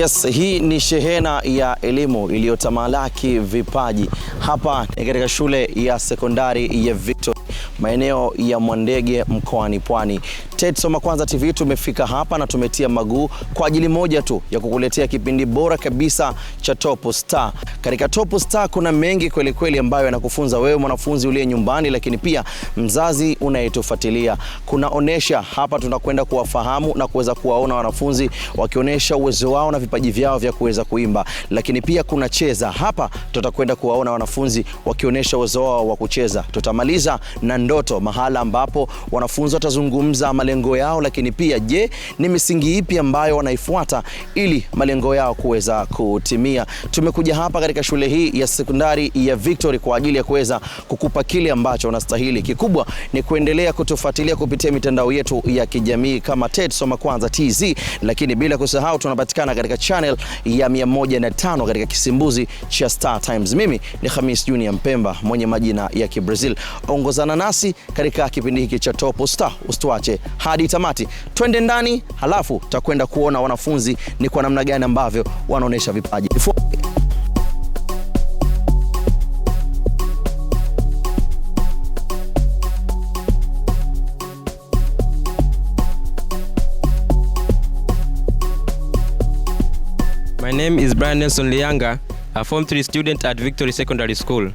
Yes, hii ni shehena ya elimu iliyotamalaki vipaji hapa ni katika shule ya sekondari ya Victor maeneo ya Mwandege mkoani Pwani. Tet Soma Kwanza TV tumefika hapa na tumetia maguu kwa ajili moja tu ya kukuletea kipindi bora kabisa cha Top Star. Katika Top Star kuna mengi kweli kweli ambayo yanakufunza wewe mwanafunzi uliye nyumbani, lakini pia mzazi unayetufuatilia. Kuna onesha hapa, tunakwenda kuwafahamu na kuweza kuwaona wanafunzi wakionyesha uwezo wao na vipaji vyao vya kuweza kuimba, lakini pia kuna cheza hapa, tutakwenda kuwaona wanafunzi wakionyesha uwezo wao wa kucheza. Tutamaliza Kuzungumza na Ndoto, mahala ambapo wanafunzi watazungumza malengo yao, lakini pia je, ni misingi ipi ambayo wanaifuata ili malengo yao kuweza kutimia. Tumekuja hapa katika shule hii ya sekondari ya Victory kwa ajili ya kuweza kukupa kile ambacho unastahili. Kikubwa ni kuendelea kutufuatilia kupitia mitandao yetu ya kijamii kama TET Soma Kwanza TZ, lakini bila kusahau tunapatikana katika channel ya 105 katika kisimbuzi cha Star Times. Mimi ni Khamis Junior Mpemba mwenye majina ya Kibrazil kuongozana nasi katika kipindi hiki cha Top Star. Usituache hadi tamati, twende ndani, halafu takwenda kuona wanafunzi ni kwa namna gani ambavyo wanaonyesha vipaji. My name is Brian Nelson Lianga, a Form 3 student at Victory Secondary School.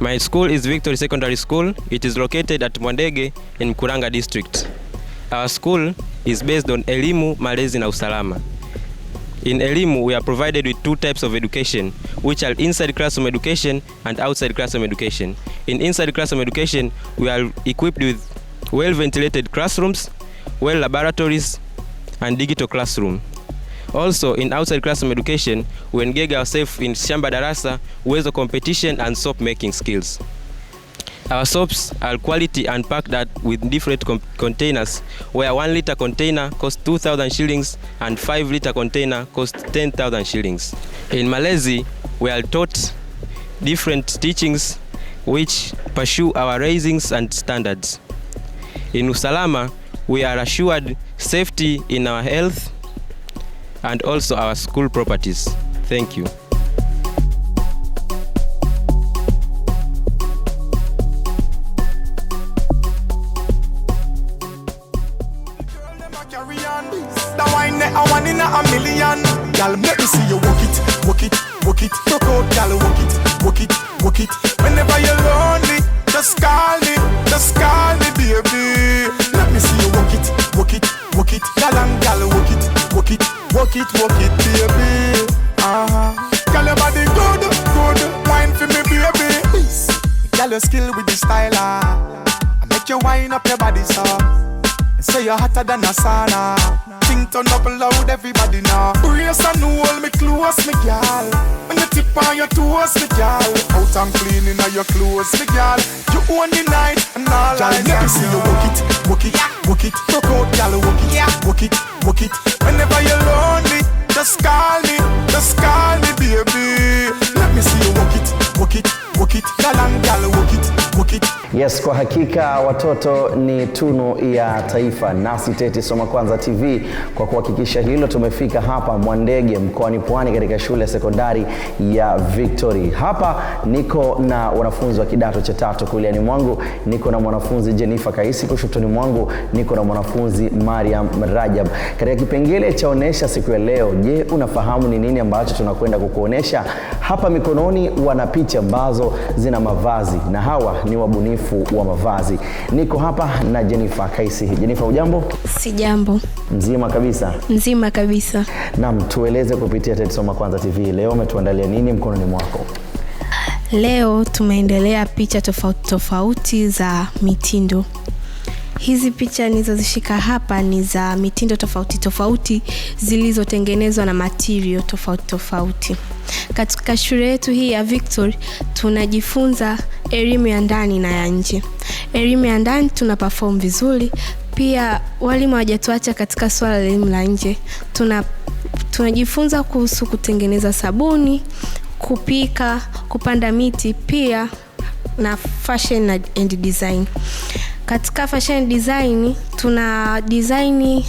My school is Victory Secondary School. It is located at Mwandege in Mkuranga district. Our school is based on elimu, malezi na usalama. In elimu, we are provided with two types of education, which are inside classroom education and outside classroom education. In inside classroom education, we are equipped with well-ventilated classrooms, well laboratories, and digital classroom. Also in outside classroom education we engage ourselves in shamba darasa, weso competition and soap making skills. Our soaps are quality and packed at with different containers where 1 liter container cost 2000 shillings and 5 liter container cost 10,000 shillings. In Malazi we are taught different teachings which pursue our raisings and standards. In Usalama we are assured safety in our health and also our school properties. Thank you. Work it, work it, baby. Uh-huh. Girl, your body good, good. Wine for me, baby. Girl, your skill with the styler. Uh. I make you wine up your body, so say you're hotter than a sauna. Thing turn up loud, everybody now. Brace and hold me close, me gal. When you tip on your toes, me gal. Out and cleaning all your clothes, me gal. You own the night and all I me see you walk it, walk it, walk it. Rock out, gal, walk it, walk it, walk it. Whenever you're lonely. Yes, kwa hakika watoto ni tunu ya taifa, nasi Teti Soma Kwanza TV kwa kuhakikisha hilo, tumefika hapa Mwandege mkoani Pwani katika shule ya sekondari ya Victory. Hapa niko na wanafunzi wa kidato cha tatu, kuliani mwangu niko na mwanafunzi Jennifer Kaisi, kushotoni mwangu niko na mwanafunzi Mariam Rajab. Katika kipengele cha onesha siku ya leo, je, unafahamu ni nini ambacho tunakwenda kukuonesha? Hapa mikononi wana picha ambazo zina mavazi na hawa ni wabunifu ubunifu wa mavazi. Niko hapa na Jennifer Kaisi. Jennifer, ujambo? Si jambo. Mzima kabisa? Mzima kabisa. Naam, tueleze kupitia TET Soma Kwanza TV leo umetuandalia nini mkononi mwako? Leo tumeendelea picha tofauti tofauti za mitindo. Hizi picha nilizozishika hapa ni za mitindo tofauti tofauti zilizotengenezwa na material tofauti tofauti. Katika shule yetu hii ya Victory tunajifunza elimu ya ndani na ya nje. Elimu ya ndani tuna perform vizuri, pia walimu hawajatuacha katika swala la elimu la nje. Tuna tunajifunza kuhusu kutengeneza sabuni, kupika, kupanda miti, pia na fashion and design. Katika fashion design tuna design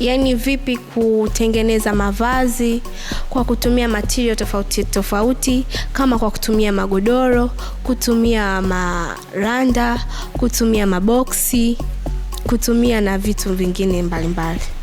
yani vipi kutengeneza mavazi kwa kutumia material tofauti tofauti, kama kwa kutumia magodoro, kutumia maranda, kutumia maboksi, kutumia na vitu vingine mbalimbali mbali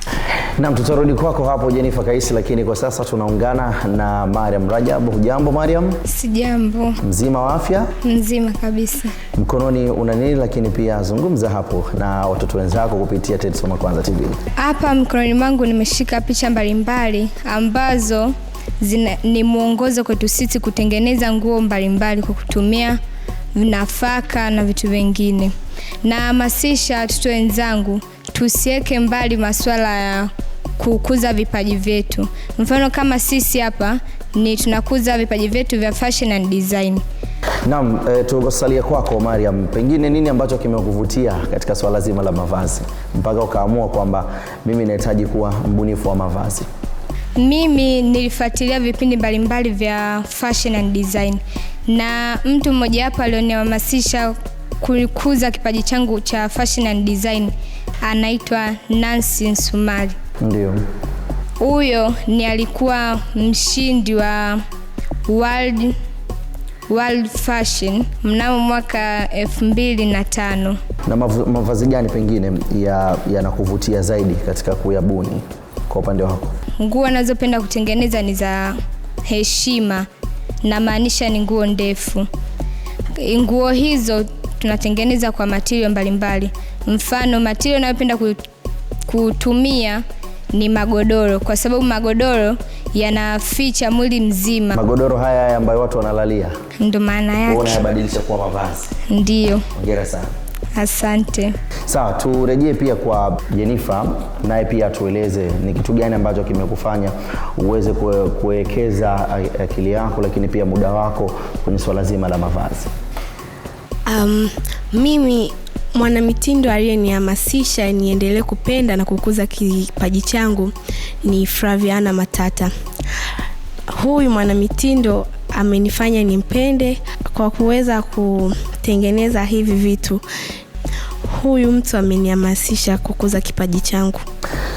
nam tutarudi kwako hapo Jenifa Kaisi, lakini kwa sasa tunaungana na Mariam Rajab. Hujambo Mariam? Sijambo. Mzima wa afya? Mzima kabisa. Mkononi una nini? Lakini pia zungumza hapo na watoto wenzako kupitia TET Soma Kwanza TV. Hapa mkononi mwangu nimeshika picha mbalimbali ambazo zina, ni mwongozo kwetu sisi kutengeneza nguo mbalimbali kwa kutumia nafaka na vitu vingine. Nahamasisha watoto wenzangu tusiweke mbali masuala ya kukuza vipaji vyetu. Mfano kama sisi hapa ni tunakuza vipaji vyetu vya fashion and design. Naam, e, eh, tusalia kwako Mariam, pengine nini ambacho kimekuvutia katika swala zima la mavazi mpaka ukaamua kwamba mimi nahitaji kuwa mbunifu wa mavazi? Mimi nilifuatilia vipindi mbalimbali vya fashion and design na mtu mmoja hapa alionihamasisha kukuza kipaji changu cha fashion and design anaitwa Nancy Nsumali. Ndio. Huyo ni alikuwa mshindi wa World World Fashion mnamo mwaka elfu mbili na tano. Na mavazi gani pengine yanakuvutia ya zaidi katika kuyabuni kwa upande wako? Nguo anazopenda kutengeneza ni za heshima, namaanisha ni nguo ndefu. Nguo hizo tunatengeneza kwa matirio mbalimbali mbali. Mfano, material anayopenda kutumia ni magodoro, kwa sababu magodoro yanaficha mwili mzima. Magodoro haya haya ambayo watu wanalalia, ndo maana yake unayabadilisha kuwa mavazi. Ndio, Hongera sana. Asante. Sawa, turejee pia kwa Jenifa, naye pia atueleze ni kitu gani ambacho kimekufanya uweze kuwekeza akili yako lakini pia muda wako kwenye swala zima la mavazi. Um, mimi Mwanamitindo aliyenihamasisha niendelee kupenda na kukuza kipaji changu ni Flaviana Matata. Huyu mwanamitindo amenifanya nimpende kwa kuweza kutengeneza hivi vitu. Huyu mtu amenihamasisha kukuza kipaji changu.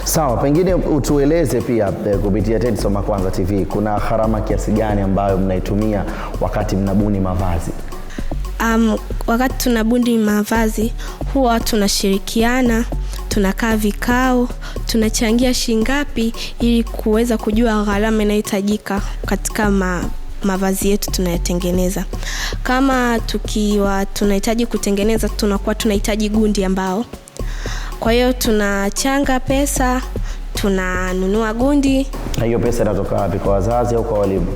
Sawa, pengine utueleze pia eh, kupitia Ted Soma Kwanza TV kuna gharama kiasi gani ambayo mnaitumia wakati mnabuni mavazi? Um, wakati tunabundi mavazi huwa tunashirikiana, tunakaa vikao, tunachangia shingapi ili kuweza kujua gharama inayohitajika katika ma, mavazi yetu tunayotengeneza. Kama tukiwa tunahitaji kutengeneza, tunakuwa tunahitaji gundi ambao, kwa hiyo tunachanga pesa, tunanunua gundi. Na hiyo pesa inatoka wapi? Kwa wazazi au kwa walimu?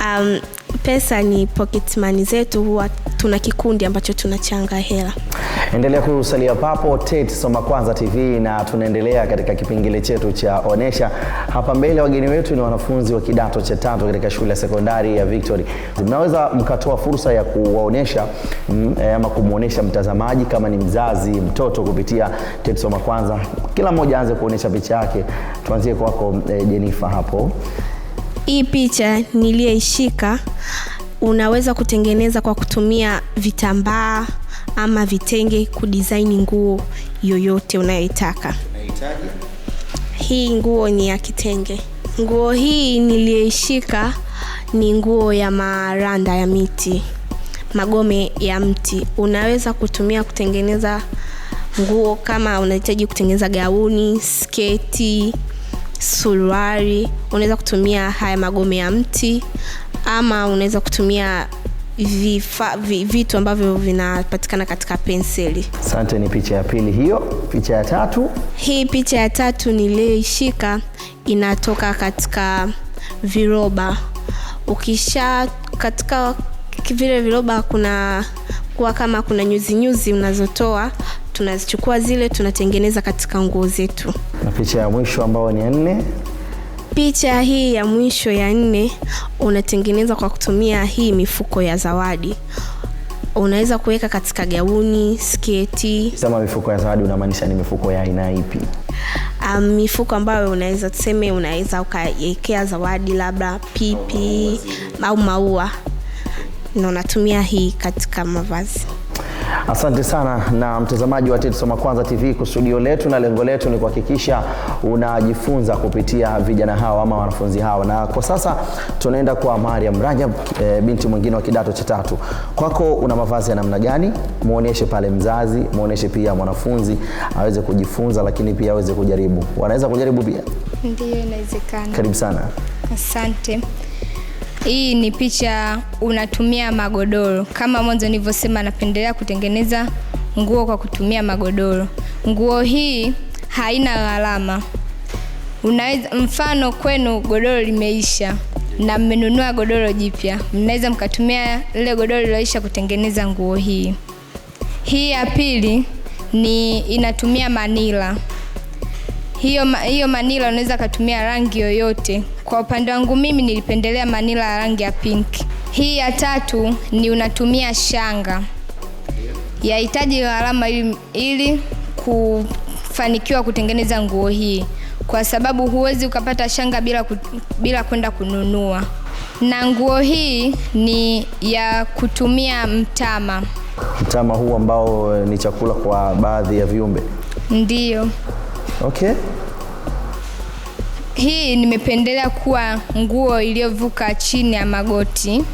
Um, pesa ni pocket money zetu, huwa tuna kikundi ambacho tunachanga hela. Endelea kusalia papo TET Soma Kwanza TV, na tunaendelea katika kipengele chetu cha Onesha. Hapa mbele wageni wetu ni wanafunzi wa kidato cha tatu katika shule ya sekondari ya Victory. Mnaweza mkatoa fursa ya kuwaonesha mm, eh, ama kumwonesha mtazamaji kama ni mzazi, mtoto kupitia TET Soma Kwanza. Kila mmoja aanze kuonesha picha yake. Tuanzie kwako, eh, Jenifa hapo hii picha niliyoishika unaweza kutengeneza kwa kutumia vitambaa ama vitenge kudizaini nguo yoyote unayoitaka. Hii nguo ni ya kitenge. Nguo hii niliyoishika ni nguo ya maranda ya miti, magome ya mti. Unaweza kutumia kutengeneza nguo kama unahitaji kutengeneza gauni, sketi suruari unaweza kutumia haya magome ya mti ama unaweza kutumia vifa, vitu ambavyo vinapatikana katika penseli. Asante, ni picha ya pili hiyo. Picha ya tatu, hii picha ya tatu niliyoishika inatoka katika viroba. Ukisha katika vile viroba kuna kuwa kama kuna nyuzi nyuzi unazotoa, tunazichukua zile tunatengeneza katika nguo zetu na picha ya mwisho ambayo ni ya nne. Picha hii ya mwisho ya nne unatengeneza kwa kutumia hii mifuko ya zawadi. Unaweza kuweka katika gauni, sketi. Sema mifuko ya zawadi, unamaanisha ni mifuko ya aina ipi? Um, mifuko ambayo unaweza tuseme, unaweza ukaekea zawadi labda pipi au maua, na unatumia hii katika mavazi. Asante sana na mtazamaji wa Tetsoma Kwanza TV, kusudio letu na lengo letu ni kuhakikisha unajifunza kupitia vijana hawa ama wanafunzi hawa, na kwa sasa tunaenda kwa Mariam Rajab, e, binti mwingine wa kidato cha tatu. Kwako una mavazi ya namna gani? Muoneshe pale mzazi, muoneshe pia mwanafunzi aweze kujifunza, lakini pia aweze kujaribu. Wanaweza kujaribu pia? Ndiyo, inawezekana. Karibu sana. Asante. Hii ni picha, unatumia magodoro. Kama mwanzo nilivyosema, napendelea kutengeneza nguo kwa kutumia magodoro. Nguo hii haina gharama. Unaweza mfano, kwenu godoro limeisha na mmenunua godoro jipya, mnaweza mkatumia lile godoro liloisha kutengeneza nguo hii. Hii ya pili ni inatumia manila hiyo, hiyo manila unaweza kutumia rangi yoyote. Kwa upande wangu mimi nilipendelea manila ya rangi ya pink. Hii ya tatu ni unatumia shanga, yahitaji gharama ili, ili kufanikiwa kutengeneza nguo hii, kwa sababu huwezi ukapata shanga bila, ku, bila kwenda kununua, na nguo hii ni ya kutumia mtama. Mtama huu ambao eh, ni chakula kwa baadhi ya viumbe, ndiyo. Okay. Hii nimependelea kuwa nguo iliyovuka chini ya magoti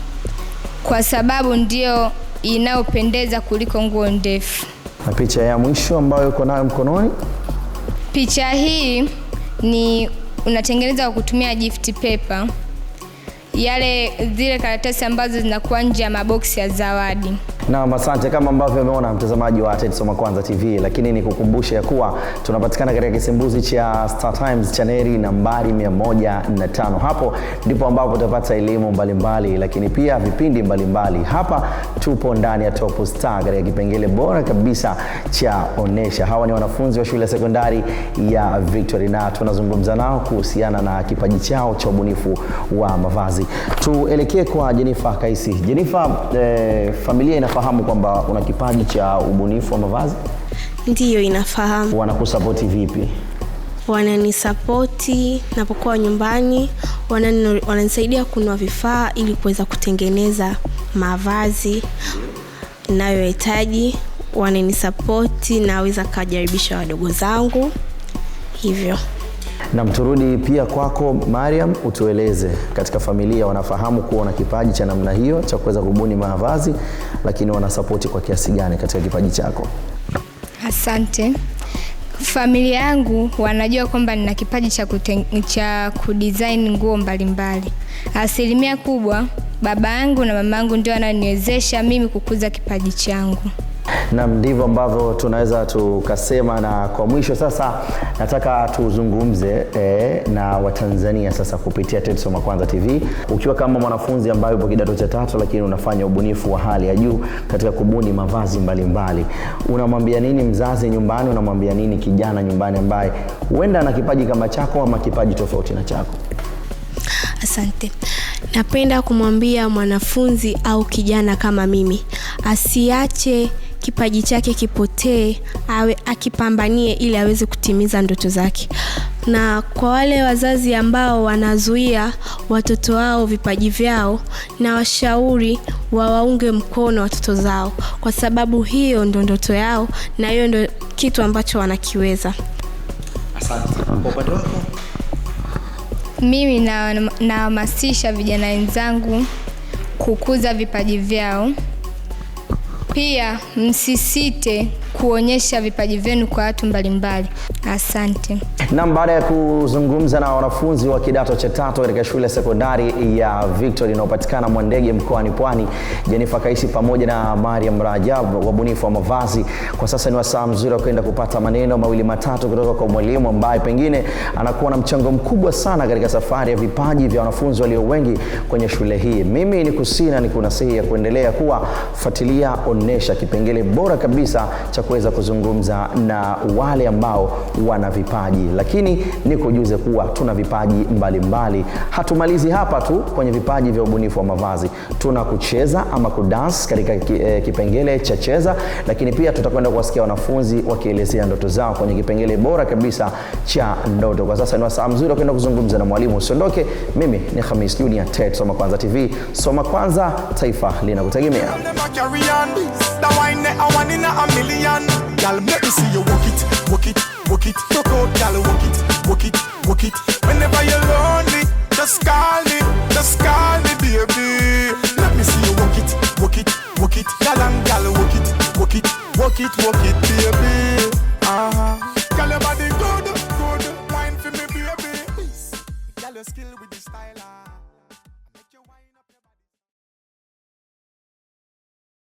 kwa sababu ndio inayopendeza kuliko nguo ndefu. Na picha ya mwisho ambayo uko nayo mkononi, picha hii ni unatengeneza kwa kutumia gift paper, yale zile karatasi ambazo zinakuwa nje ya maboksi ya zawadi. Naam, asante. Kama ambavyo umeona mtazamaji wa TET Soma Kwanza TV, lakini ni kukumbusha ya kuwa tunapatikana katika kisimbuzi cha Star Times chaneli nambari 105. Hapo ndipo ambapo utapata elimu mbalimbali, lakini pia vipindi mbalimbali mbali. Hapa tupo ndani ya Top Star katika kipengele bora kabisa cha Onesha. Hawa ni wanafunzi wa shule ya sekondari ya Victory na tunazungumza nao kuhusiana na kipaji chao cha ubunifu wa mavazi. Tuelekee kwa Jenifa Kaisi. Jenifa, eh, familia ina inafahamu kwamba una kipaji cha ubunifu wa mavazi? Ndiyo, inafahamu. Wanakusapoti vipi? Wananisapoti napokuwa nyumbani, wananisaidia kunua vifaa ili kuweza kutengeneza mavazi nayohitaji. Wananisapoti, naweza kajaribisha wadogo zangu hivyo. Na mturudi pia kwako Mariam, utueleze katika familia wanafahamu kuwa na kipaji cha namna hiyo cha kuweza kubuni mavazi, lakini wanasapoti kwa kiasi gani katika kipaji chako? Asante. Familia yangu wanajua kwamba nina kipaji cha, cha kudesign nguo mbalimbali. Asilimia kubwa baba yangu na mama yangu ndio wananiwezesha mimi kukuza kipaji changu. Nam, ndivyo ambavyo tunaweza tukasema. Na kwa mwisho sasa, nataka tuzungumze eh, na Watanzania sasa kupitia TET Kwanza TV. Ukiwa kama mwanafunzi ambaye upo kidato cha tatu, lakini unafanya ubunifu wa hali ya juu katika kubuni mavazi mbalimbali, unamwambia nini mzazi nyumbani? Unamwambia nini kijana nyumbani ambaye huenda ana kipaji kama chako ama kipaji tofauti na chako? Asante. Napenda kumwambia mwanafunzi au kijana kama mimi asiache kipaji chake kipotee, awe akipambanie ili aweze kutimiza ndoto zake. Na kwa wale wazazi ambao wanazuia watoto wao vipaji vyao, na washauri wawaunge mkono watoto zao, kwa sababu hiyo ndo ndoto yao na hiyo ndo kitu ambacho wanakiweza. Asante. Kwa upande wako? Mimi nahamasisha na vijana wenzangu kukuza vipaji vyao pia msisite kuonyesha vipaji vyenu kwa watu mbalimbali. Asante. Nam, baada ya kuzungumza na wanafunzi wa kidato cha tatu katika shule sekondari ya Victory inayopatikana Mwandege mkoani Pwani, Jenifa Kaishi pamoja na Mariam Rajab, wabunifu wa mavazi, kwa sasa ni wasaa mzuri wa kwenda kupata maneno mawili matatu kutoka kwa mwalimu ambaye pengine anakuwa na mchango mkubwa sana katika safari ya vipaji vya wanafunzi walio wengi kwenye shule hii. Mimi ni kusina ni kunasihi ya kuendelea kuwa fuatilia on kuonesha kipengele bora kabisa cha kuweza kuzungumza na wale ambao wana vipaji, lakini nikujuze kuwa tuna vipaji mbalimbali mbali. Hatumalizi hapa tu kwenye vipaji vya ubunifu wa mavazi, tuna kucheza ama kudance katika eh, kipengele cha cheza, lakini pia tutakwenda kuwasikia wanafunzi wakielezea ndoto zao kwenye kipengele bora kabisa cha ndoto. Kwa sasa ni wasaa mzuri wa kwenda kuzungumza na mwalimu, usiondoke. Mimi ni hamis Junior TET Soma Kwanza TV. Soma Kwanza, taifa linakutegemea. The wine there, a one in a million. Y'all make me see you walk it, walk it, walk it. Rock out, y'all walk it, walk it, walk it.